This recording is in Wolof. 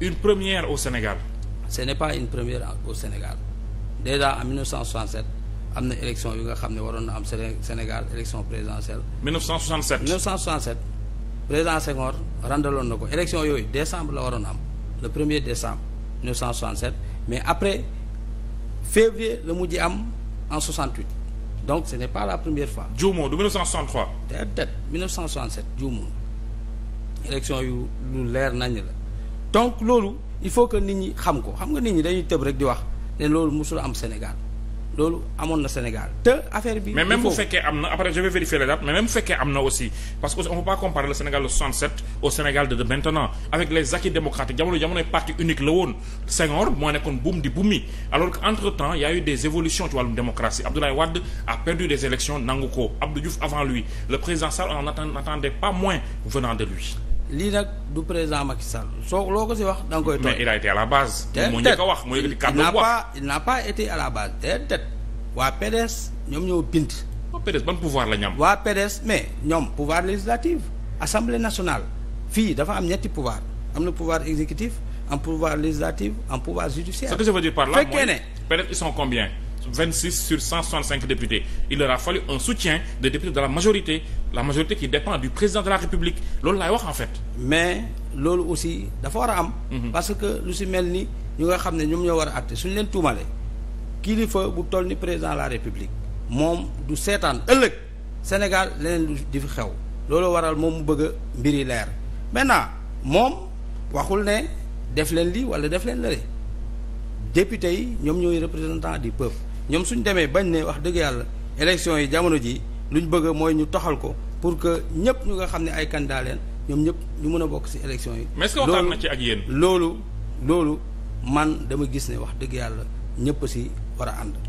une première au Sénégal. ce n'est pas une première au Sénégal déjà en 1967 am na élection yu nga xam ne waroon na am Sénégal élection présidentielle. 1967 1967. président Senghor rendaloon na ko élection yooyu décembre la waroon am le premier décembre 1967 mais après février la mujj am en 68 donc ce n'est pas la première fois. juumoo du 1963. peut-être 1967 juumoo élection yu lu leer nañ la. donc loolu il faut que nit ñi xam ko xam nga nit ñi dañuy tëb rek di wax ne loolu mosul am Sénégal loolu amoon na Sénégal te affaire bi. mais même bu fekkee am na après je vais vérifier les dates mais même bu fekkee am na aussi parce que on peut pas comparer le Sénégal de 67 au Sénégal de maintenant avec les acquis démocratiques jamono jamonoy parti unique la woon Senghor moo nekkoon buum di bumi alors que entre y a eu des évolutions a perdu des élections nangu lii nag du président Macky Sall soo loo ko si wax da koy tooñ. il a été à la base. moo njëkk a wax waa PDS ñoom ñoo bind. waa PDS ban pouvoir la ñu am. waa PDS mais ñoom pouvoir législatif assemblée nationale fii dafa am ñetti pouvoir am na pouvoir exécutif am pouvoir législatif am pouvoir judiciaire. ce que ne PDS ils sont combien. su sur cinq députés il leur a fallu un soutien des députés de la majorité la majorité qui dépend du président de la République loolu laay wax en fait. mais loolu aussi dafa war a am. Mhm. parce que lu si mel ni ñu nga xam ne ñoom ñoo war a àtte suñu leen tuumalee kilifa bu toll ni président de la République moom du seetaan ëllëg Sénégal leneen lu di fi xew loolu waral moom mu bëgg a mbir yi leer maintenant moom waxul ne def leen lii wala def leen lële député yi ñoom ñooy représentant du peuple. ñoom suñ demee bañ ne wax dëgg yàlla élection yi jamono ji ñu bëgg mooy ñu toxal ko pour que ñëpp ñu nga xam ne ay candidat leen ñoom ñëpp ñu mën a bokk ci élection yi. mais est-ce na ci ak yéen. loolu loolu man dama gis ne wax dëgg yàlla ñëpp ci war a ànd.